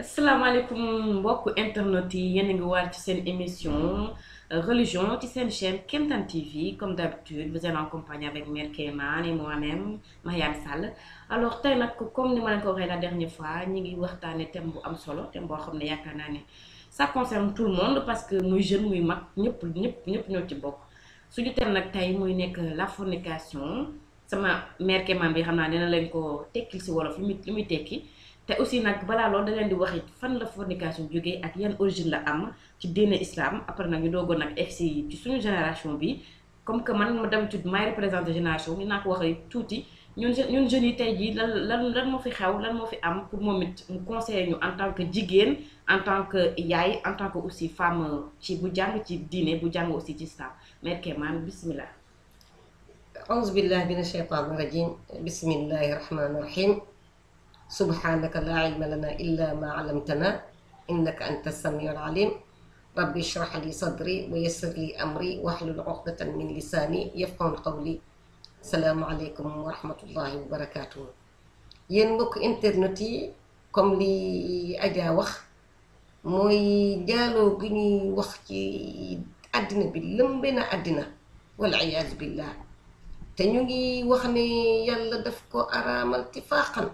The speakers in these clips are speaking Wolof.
asalaamaaleykum beaucoup internautes yi yéen a ci seen émission euh, religion ci seen chaîne Kentan TV comme d'habitude vous êtes en compagnie avec Mère et moi-même Mariane Sall alors tey nag comme ni l'avons leen ko la dernière fois ñi ngi waxtaane thème bu am solo thème boo xam ne ça concerne tout le monde parce que muy jeune muy mag ñëpp ñëpp ñëpp ñoo ci bokk suñu thème nag tey muy nekk la fornication sama mère Kémane bi xam naa na leen ko tekkil si wolof li muy li muy tekki te aussi nag balaa loolu da leen di wax it fan la fornication jógee ak yan origine la am ci diine islam après nag ñu doogoon nag egsi ci suñu génération bi comme que man ma d'habitude maay représenté génération bi naa ko wax tuuti ñun ñun jeunes yi tey jii lan lan lan moo fi xew lan moo fi am pour moom it mu conseiller ñu en tant que jigéen en tant que yaay en tant que aussi femme ci bu jàng ci diine bu jàng aussi ci islam mère Kémane bismillah أعوذ بالله من الشيطان الرجيم بسم الله الرحمن الرحيم سبحانك لا علم لنا إلا ما علمتنا إنك أنت السميع العليم رب اشرح لي صدري ويسر لي أمري واحلل عقدة من لساني يفقه قولي السلام عليكم ورحمة الله وبركاته ينبك انترنتي كم لي أجا وخ موي جالو جني jaaloo أدنى ñuy wax ci àddina bi te ñu ngi wax ne yàlla daf ko araamal ti faaxan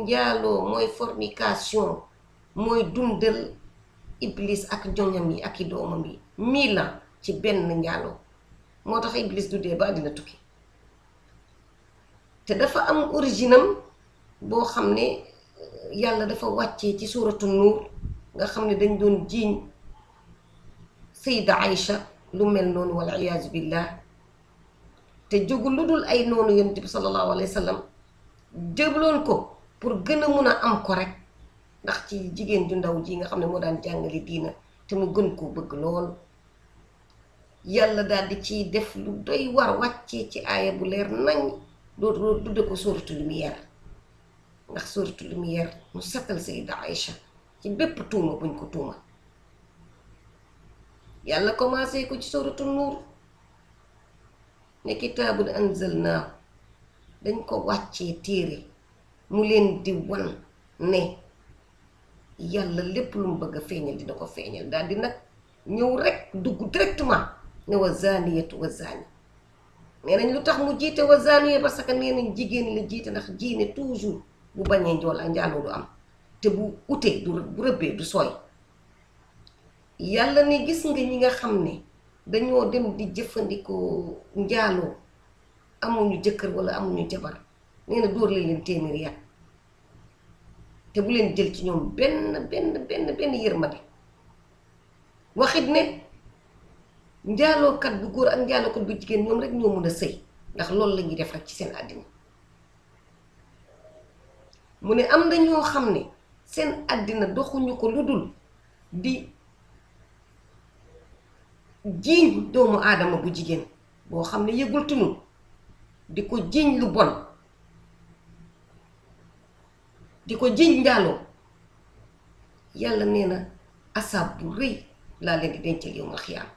njaaloo mooy fornication mooy dundal iblis ak joñam yi ak i doomam yi mille ans ci benn njaaloo moo tax iblis du dee ba àddina tukki te dafa am originam boo xam ne euh, yàlla dafa wàccee ci suuratu nuur nga xam ne dañ doon jiiñ sayda Aïcha lu mel noonu wal iyaazu billah te jógu lu dul ay noonu yonent bi sallallahu alayhi wa sallam jëbloon ko pour gën a mun a am ko rek ndax ci jigéen ju ndaw ji nga xam ne moo daan jàngale diina te mu gën koo bëgg lool yàlla daal di ciy def lu doy war wàccee ci aaya bu leer nañ loolu loolu tudde ko sóoratu lumière ndax sóoratu lumière mu setal sayida Aïcha ci bépp tuuma buñ ko tuuma yàlla commencé ko ci sóoratu nuur ne kitaabun anzalnaahu dañ ko wàccee téere mu leen di wan ne yàlla lépp lu mu bëgg a feeñal dina ko feeñal daal di nag ñëw rek dugg directement ne wa zaaniyatu wa nañ lu tax mu jiite wa zaaniya parce que nee nañ jigéen la jiite ndax jiine toujours bu bañee njool ak njaaloo am te bu utee du bu rëbbee du sooy yàlla ne gis nga ñi nga xam ne dañoo dem di jëfandikoo njaaloo amuñu jëkkër wala amuñu jabar nee dóor la leen téeméeri yàq te bu leen jël ci ñoom benn benn benn benn yërmande waxit ne njaalookat bu góor ak njaalookat bu jigéen ñoom rek ñoo mën a sëy ndax loolu la ñuy def rek ci seen àddina mu ne am na ñoo xam ne seen àddina doxuñu ko lu dul di jiiñ doomu aadama bu jigéen boo xam ne yëgul tunu di ko jiiñ lu bon di ko jiiñ njaaloo yàlla nee na asaab bu rëy laa leen di dencal yow ma xiyaam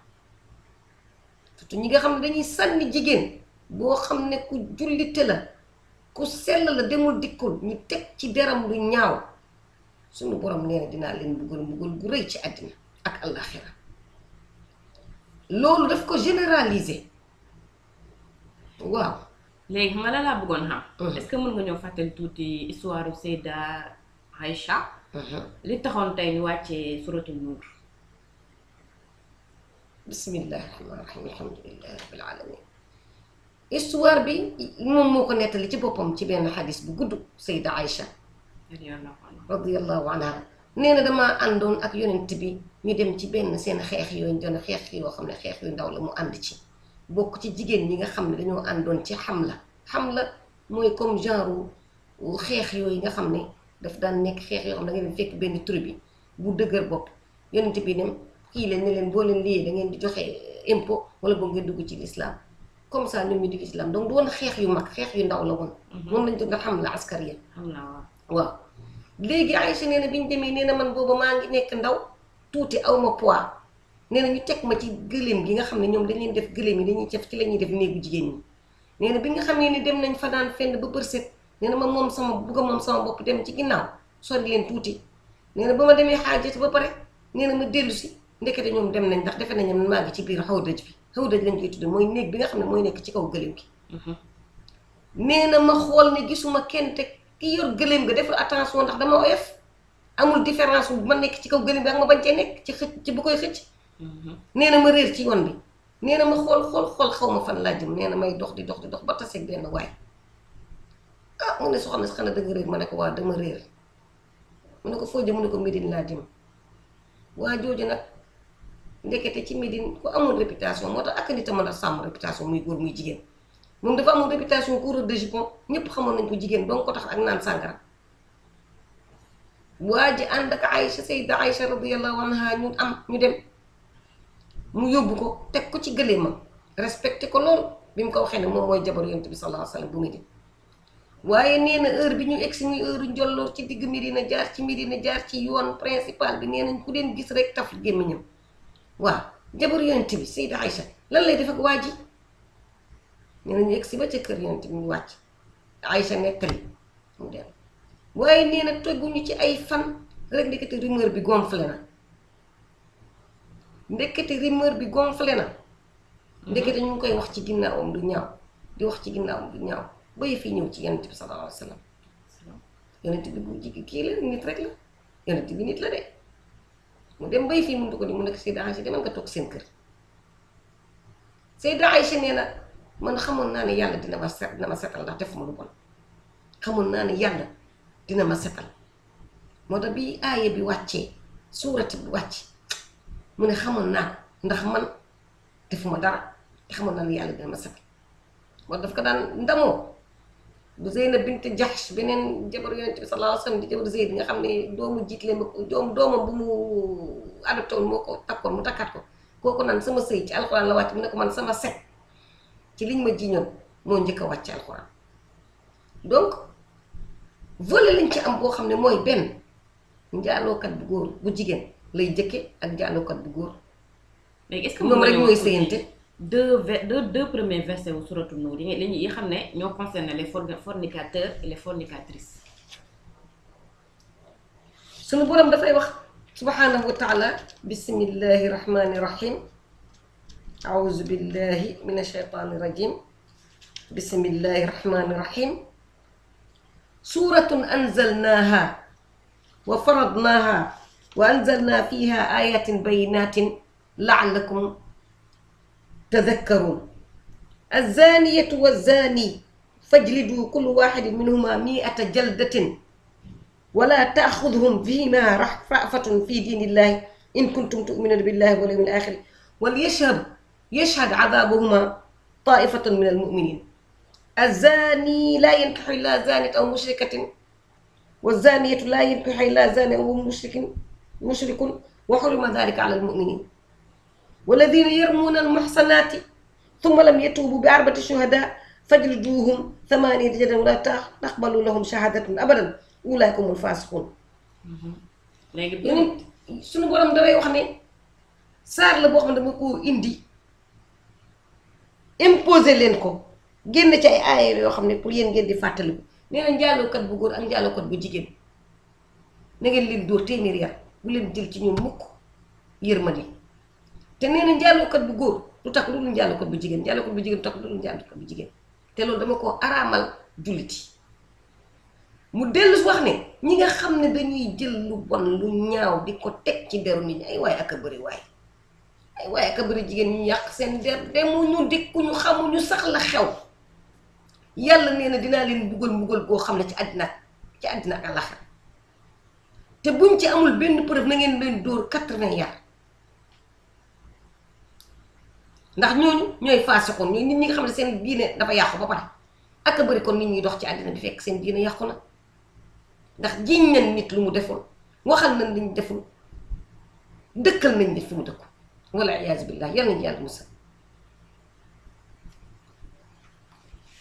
surtout ñi nga xam ne dañuy sànni jigéen boo xam ne ku jullite la ku sell la demul dikkul ñu teg ci deram lu ñaaw sunu borom nee dinaa leen buggal mbugal gu rëy ci àddina ak àllaaxira لولو داف كو جينيراليزي واو لي ما لا بغونها اسكو مون نيو فاتل توتي استوار سيدا عائشه لي تخون تاي ني واتي سوره النور بسم الله الرحمن الرحيم الحمد لله رب العالمين استوار بي موم موكو نيتالي تي بوبام تي بن حديث بو غودو سيده عائشه رضي الله عنها رضي الله عنها نينا دما اندون اك يونتبي ñu dem ci benn seen xeex yooyu doon xeex yoo xam ne xeex yu ndaw la mu ànd ci bokk ci jigéen ñi nga xam ne dañoo doon ci xam la xam la mooy comme genre xeex yooyu nga xam ne daf daan nekk xeex yoo xam ne benn tur bu dëgër bopp yonent bi ne kii leen leen boo leen ngeen di joxe eh, impôt wala boo ngeen dugg ci lislaam comme ça ñun ñu di islam donc xeex yu mag xeex yu ndaw la woon. Mm-hmm. moom lañ doon xam la askariya. waaw léegi Aïcha nee na bi ñu demee nee man booba maa ngi nekk ndaw. tuuti aw ma poids nee na ñu teg ma ci gëléem gi nga xam ne ñoom dañ leen def gëléem yi dañuy def ci la ñuy def néegu jigéen ñi nee na bi nga xam ne ni dem nañ fa daan fenn ba përset nee na ma moom sama bugg a moom sama bopp dem ci ginnaaw sori leen tuuti nee na ba ma demee xaajati ba pare nee na ma dellu si ndekete ñoom dem nañ ndax defe nañ ne maa ngi ci biir xaw daj bi xaw daj lañ koy tudde mooy néeg bi nga xam ne mooy nekk ci kaw gëléem gi mhm. nee na ma xool ne gisuma kenn teg ki yor gëléem ga deful attention ndax dama oyof amul différence bu ma nekk ci kaw gëlëm bi ak ma bañ cee nekk ci xëcc ci bu koy xëcc. nee na ma réer ci yoon bi nee na ma xool xool xool xaw ma fan laa jëm nee na may dox di dox di dox ba taseeg benn waaye ah mu ne soxna si xanaa danga ma ne ko waa dama réer mu ne ko foo jëm ko Médine laa jëm waa jooju nag ndekete ci Médine ku amul réputation moo tax ak nit a mën a sàmm réputation muy góor muy jigéen moom dafa amul réputation coureur de jupon ñëpp xamoon nañ ko jigéen ba ko tax ak naan sàngara. waji anda ak aisha sayyida aisha radiyallahu anha ñu am ñu dem mu yobbu ko tek ko ci geleema respecté ko lool bim ko waxé ne mom moy jabar yonent bi sallallahu alayhi wasallam bu muy dem waaye nee heure bi ñu ex ñu heure njolloor ci digg Medina jaar ci Medina jaar ci yoon principal bi nee ku leen gis rek taf gémmiñam wa jabar yonent bi sayyida aisha lan lay def ak waji ji nee ba ci kër bi mu mu dem waaye nee na teguñu ci ay fan rek ndekete rumeur bi gonflé na ndekete rumeur bi gonflé na ndekete ñu ngi koy wax ci ginnaawam lu ñaaw di wax ci ginnaawam du ñaaw ba fii yi ñëw ci yonent bi sallallahu alayhi wa sallam yonent bi bu jigi kii la nit rek la yonent bi nit la de mu dem bay fii mënut ko di mu nekk Sayda Aïcha demal nga toog seen kër Sayda Aïcha nee na man xamoon naa ne yàlla dina ma set dina ma setal ndax defuma lu bon xamoon naa ne yàlla dina ma setal moo tax bi aaye bi wàccee suurati bi wàcc mu ne xamoon naa ndax man defuma dara te xamoon naa ne yàlla dina ma setal moo daf ko daan ndamoo bu Zeynab bint Jahsh beneen jabar yonent bi sallallahu alayhi doomu jiit leen ba bu mu adopté woon ko mu takkaat ko kooku naan sama sëy ci alxuraan la wàcc mu ne ko man sama set ci liñ ma jiñoon moo njëkk a wàcc alxuraan volé lañ ci am bo xamné moy ben benn kat bu góor bu jigen lay jëkke ak kat bu goor mais léegi est-ce que mom rek moy seyenté deux deux deux premiers versets au sourate an-nur yi lañ yi xamné ño ñoo concerne les fornicateurs et les fornicatrices. sunu borom da fay wax subhanahu wa taala bismillahir rahmanir rahim auzu billahi min ashaytaani rajim bismillahi rahmaani rahim. سورة أنزلناها وفرضناها وأنزلنا فيها آيات بينات لعلكم تذكرون الزانية والزاني فاجلدوا كل واحد منهما مئة جلدة ولا تأخذهم فيما رأفة في دين الله إن كنتم تؤمنون بالله واليوم الآخر وليشهد يشهد عذابهما طائفة من المؤمنين الزاني لا ينكح إلا زانية أو مشركة والزانية لا ينكح إلا زانية أو مشرك مشرك وحرم ذلك على المؤمنين والذين يرمون المحصنات ثم لم يتوبوا بأربعة شهداء فجلدوهم ثمانية جلد ولا تقبلوا لهم شهادة أبدا أولئك هم الفاسقون léegi bi suñu borom dafay wax ne saar la boo xam génn ci ay aayal yoo xam ne pour yéen ngeen di fàttali nee na njaalookat bu góor ak njaalookat bu jigéen na ngeen leen dóor téeméer yar bu leen jël ci ñoom mukk yërmande te nee njaalookat bu góor du tax lu dul njaalookat bu jigéen njaalookat bu jigéen lu dul njaalookat bu jigéen te loolu dama ko araamal jullit yi mu dellu wax ne ñi nga xam ne dañuy jël lu bon lu ñaaw di ko teg ci deru nit ñi ay waay ak a bëri ay waay ak a jigéen ñu yàq seen der demu ñu dikku ñu sax la xew yàlla nee na dinaa leen buggal mbugal goo xam ne ci àddina ci àddina ak àllaxira te buñ ci amul benn preuve na ngeen leen dóor quatre-vingts yar ndax ñooñu ñooy faasixoon ñooy nit ñi nga xam ne seen diine dafa yàqu ba pare ak a bëri kon nit ñuy dox ci àddina bi fekk seen diine yàqu na ndax jiñ nañ nit lu mu deful waxal nañ liñ deful dëkkal nañ nit fi mu dëkku wala iyaazu billah yal nañu yàlla musal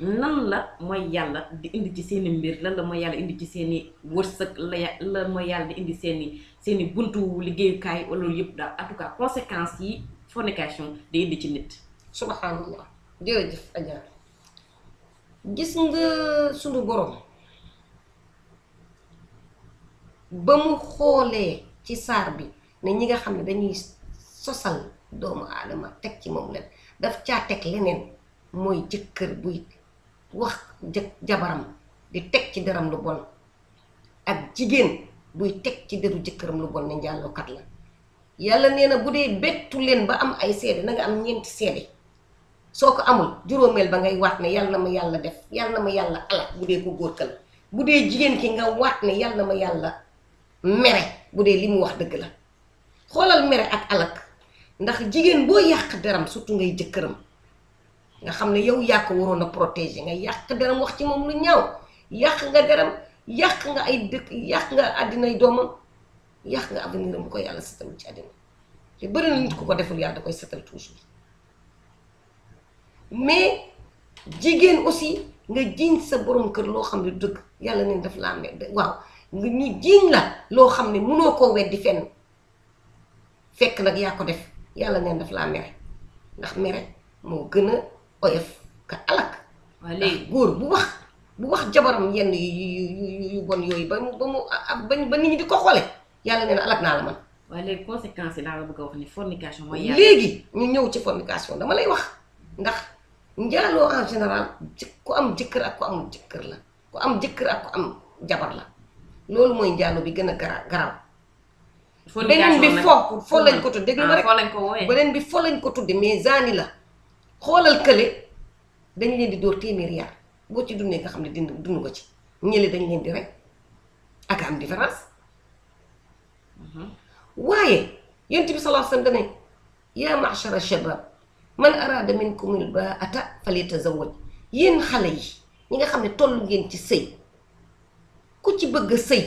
nan la mooy yàlla di indi ci seeni mbir lan la mooy yàlla indi ci seeni wërsëg la la mooy yàlla di indi seeni seeni buntu liggéeyukaay wala yëpp daal en tout cas conséquences yi fornication di indi ci nit. subhanallah jërëjëf Adja gis nga sunu borom ba mu xoolee ci saar bi ne ñi nga xam ne dañuy sosal doomu aadama teg ci moom leen daf caa teg leneen mooy jëkkër buy wax jabaram di teg ci deram lu bon ak jigéen buy teg ci deru jëkkëram lu bon ne njaalookat la yàlla nee na bu dee bettu leen ba am ay seede na nga am ñeenti seede soo ko amul juróomeel ba ngay waat ne yàlla na ma yàlla def yàlla na ma yàlla alal bu dee ko ka la bu dee jigéen ki nga waat ne yàlla na ma yàlla mere bu dee li mu wax dëgg la xoolal mere ak alak ndax jigéen boo yàq deram surtout ngay jëkkëram nga xamne yow yak ko waroon protéger nga yak deram wax ci mom lu ñaw yak nga deram yak nga ay dekk yak nga ay doomam yak nga avenir bu ko yalla setalul ci adina ci bëri na nit ku ko deful yalla da koy setal toujours mais jigen aussi nga jiñ sa borom keur lo xamne ne yalla yàlla ne daf laa me waaw nga ñu jiñ la lo xamne mëno ko wéddi fenn fekk nak yaa ko def yalla ne def la mere ndax mere mo gëna oyof ka alak waaw léegi bu wax bu wax jabaram yenn yu yu bon ba mu ba mu ba nit di ko xoole yàlla nee na alak naa man waaye léegi conséquences yi laa la bëgg a ñu ñëw ci fornication dama lay wax ndax njaaloo en général ku am jëkkër ak ku amul jëkkër la ku am jëkkër ak ku am jabar la loolu mooy njaaloo bi gën a gara garaaw beneen bi fo ah, fo lañ ko tudd déglu ma rek beneen bi fo lañ ko tudde mais zaani la xoolal kële dañ leen di dóor téeméeri yar boo ci dundee nga xam ne dund dund nga ci ñële dañ leen di rey ak am différence mhm. waaye yonent bi sallallahu alayhi wasallam dane yaa ma'shara shabab man araada minkum al baa'ata falyatazawwaj yéen xale yi ñi nga xam ne toll ngeen ci sëy ku ci bëgg sëy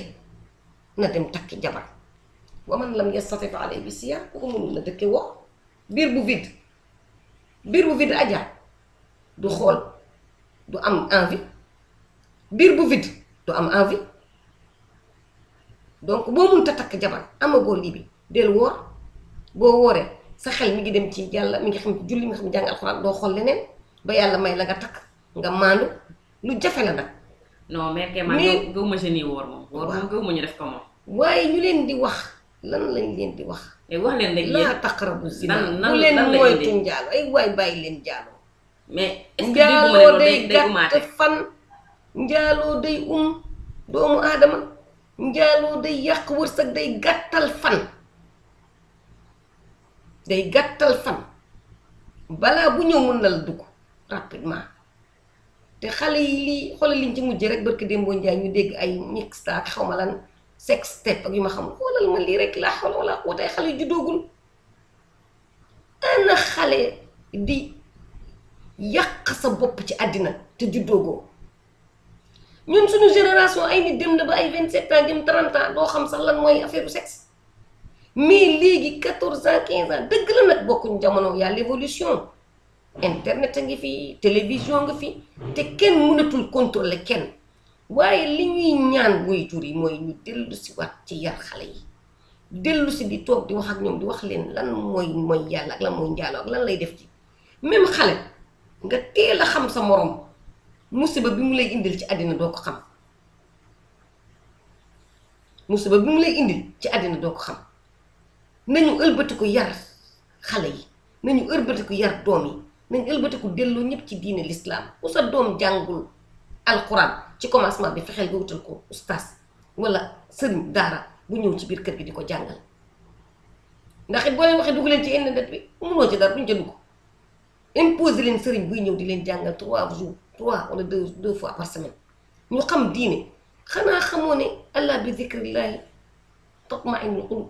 na dem takki jabar wa man lam yastati' fa alayhi bi siyaam ku ko mënul na dëkke woo biir bu vide biir bu vide Adja du xool du am envie biir bu vide du am envie donc boo mënta takk jabar amagoo lii bi del woor boo wooree sa xel mi ngi dem ci yàlla mi ngi xam julli mi ngi xam jàng alxuraan doo xool leneen ba yàlla may la nga takk nga maandu lu jafe la nag. non mais gëw ma woor woor moom. waaye ñu leen di wax. lan lañ leen di wax. Eh, wax leen rek laa taqrabu zina bu leen moytu njaalo ay waay bàyyi leen njaalo. mais est-ce que njaalo day gàtt fan. njaaloo day um doomu aadama njaaloo day yàq wërsëg day gàttal fan day gàttal fan balaa bu ñëw mën na la dugg rapidement te xale yi lii xoolal liñ ci mujj rek barki démboo njaay ñu dégg ay mixta ak xaw ma lan sex step ak yu ma xamul xoolal ma lii rek laa xawla wala xuutay xale yu juddoogul ana xale di yàq sa bopp ci àddina te juddoogoo ñun suñu génération ay nit dem na ba ay vingt sept ans jëm doo xam sax mooy affaire sex sexe mais léegi quatorze ans quinze ans dëgg la nag bokkuñ jamono y'a l'évolution internet a ngi fi télévision nga fi te kenn mënatul contrôler kenn waaye li ñuy ñaan way jur yi mooy ñu dellu si ci yar xale yi dellusi bi toog di wax ak ñoom di wax leen lan mooy mooy yàlla lan njaaloo ak lan lay def ci même xale nga teel a xam sa morom musiba bi mu lay indil ci àddina doo ko xam musiba bi mu lay ci àddina doo ko xam nañu ëlbatiku yar xale yi nañu ëlbatiku yar doom yi nañu ëlbatiku delloo ñëpp ci diine lislaam ku sa doom jàngul alquran ci commencement bi fexeel nga wutal ko ustaas wala sëriñ daara bu ñëw ci biir kër gi di ko jàngal ndax it boo leen waxee dugg leen ci internet bi mënoo ci dara duñ ca dugg imposer leen sëriñ buy ñëw di leen jàngal trois jours trois wala deux deux fois par semaine ñu xam diine xanaa xamoo ne allah bi zikrillahi tatma'innul qulub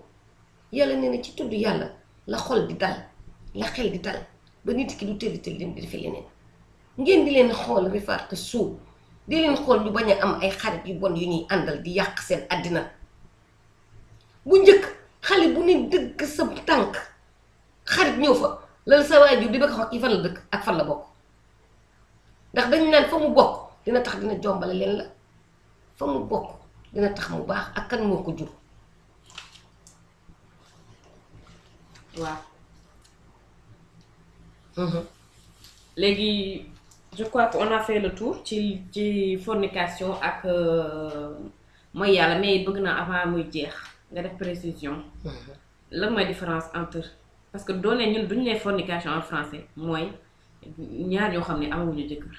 yàlla nee na ci tudd yàlla la xol di dal la xel di dal ba nit ki du tëri tëri leen di defee leneen ngeen di leen xool rifaat suuf. di leen xool ñu bañ am ay xarit yu bon yu ñuy àndal di yàq seen àddina bu njëkk xale bu ne dëgg sa tànk xarit ñëw fa lal sa waajur di bëgg xam ki fan la dëkk ak fan la bokk ndax dañ naan fa mu bokk dina tax dina jombale leen la fa mu bokk dina tax mu baax ak kan moo ko jur waaw mhm. léegi je crois qu'on a fait le tour ci ci fornication ak euh, moy yalla mais bëgg naa avant muy jeex nga def précision. Mhm. lan mooy différence entre parce que doone ñun duñ nee fornication en français moy ñaar yoo xam ne amaguñu jëkkër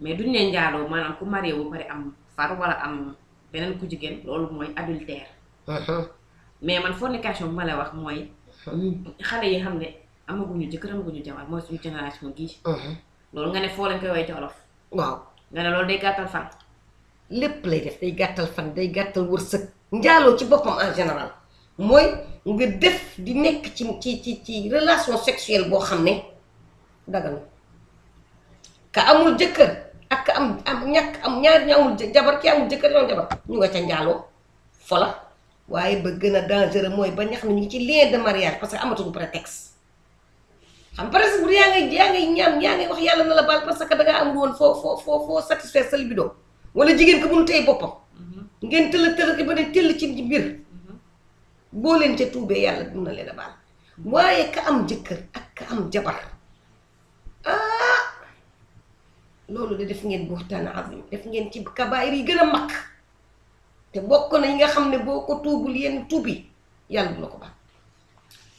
mais duñ nee njaaloo maanaam ku marié wu pare am far wala am beneen ku jigéen loolu mooy adultère. Mhm. mais man fornication bu ma lay wax mooy. Mhm. xale yi xam ne amaguñu jëkkër amaguñu jabar mooy suñu génération gii. loolu nga ne foo lañ koy woy ci olof waaw nga ne loolu day gàttal fan lépp lay def day gàttal fan day gàttal wërsëg njaaloo ci boppam en général mooy nga def di nekk ci ci ci ci relation sexuelle boo xam ne daganu ka amul jëkkër ak am am ñàkk am ñaar ñu amul jabar ki amul jëkkër yoon jabar ñu nga ca njaaloo fola waaye ba gën a dangereux mooy ba ñax ne ñu ci lien de mariage parce que amatuñu prétexte xam parce bu yaa ngay yaa ngay ñaan yaa ngay wax yàlla na la baal parce que da am amul woon foo foo foo foo satisfaire sa libido wala jigéen ko mënu tey boppam mhm. ngeen tëla tëla ba ne tëll ci mbir mhm. boo leen ca tuubee yàlla dina leen a baal waaye ka am jëkkër ak jabar ah de def ngeen buxtaan azim def ngeen ci kabaayir yi gën a mag te bokk na yi nga xam ne boo ko tuubul yenn tuubi yàlla du la ko baal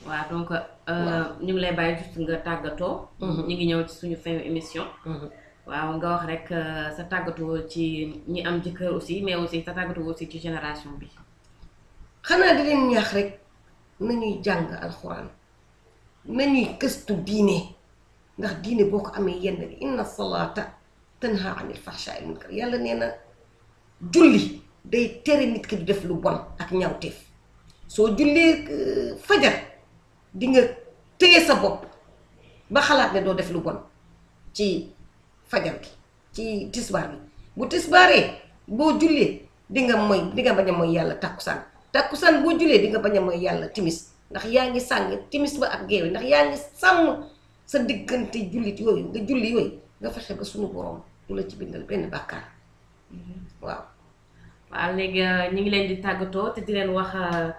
waaw donc euh, ñu ngi lay bàyyi juste nga tàggatoo. Mhm. ñu ngi ñëw ci suñu fin émission. Mhm. waaw nga wax rek euh, sa tàggatoo ci ñi am ci aussi mais aussi sa tàggatoo aussi ci génération bi. xanaa di leen ñax rek nañuy jàng alxuraan nañuy këstu diine ndax diine boo ko amee yenn bi inna salaata tanha anil fahsha'i munkar yàlla nee na julli day tere nit ki di def lu bon ak ñaawteef soo jullee euh, fajar. di nga téye sa bopp ba xalaat ne doo def lu bon ci fajar gi ci tisbaar bi bu tisbaaree boo jullee di nga moy di nga bañ a mooy yàlla takkusaan takkusaan boo jullee di nga bañ a mooy yàlla timis ndax yaa ngi sàng timis ba ak géewe ndax yaa ngi sàmm sa diggante jullit yooyu nga julli yooyu nga fexe ba sunu borom du la ci bindal benn bàkkaar mm-hmm. waaw waaw léegi euh, ñu ngi leen di tàggatoo te di leen wax euh,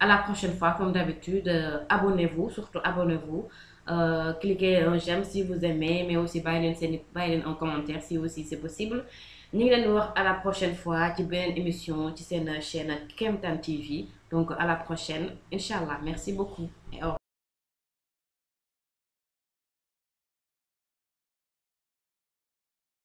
à la prochaine fois, comme d'habitude, euh, abonnez-vous, surtout abonnez-vous. Euh, cliquez un j'aime si vous aimez, mais aussi un commentaire si aussi c'est possible. N'oubliez pas, à la prochaine fois ci une émission ci la chaîne Kemtan TV donc à la prochaine Inch'Allah. merci beaucoup et au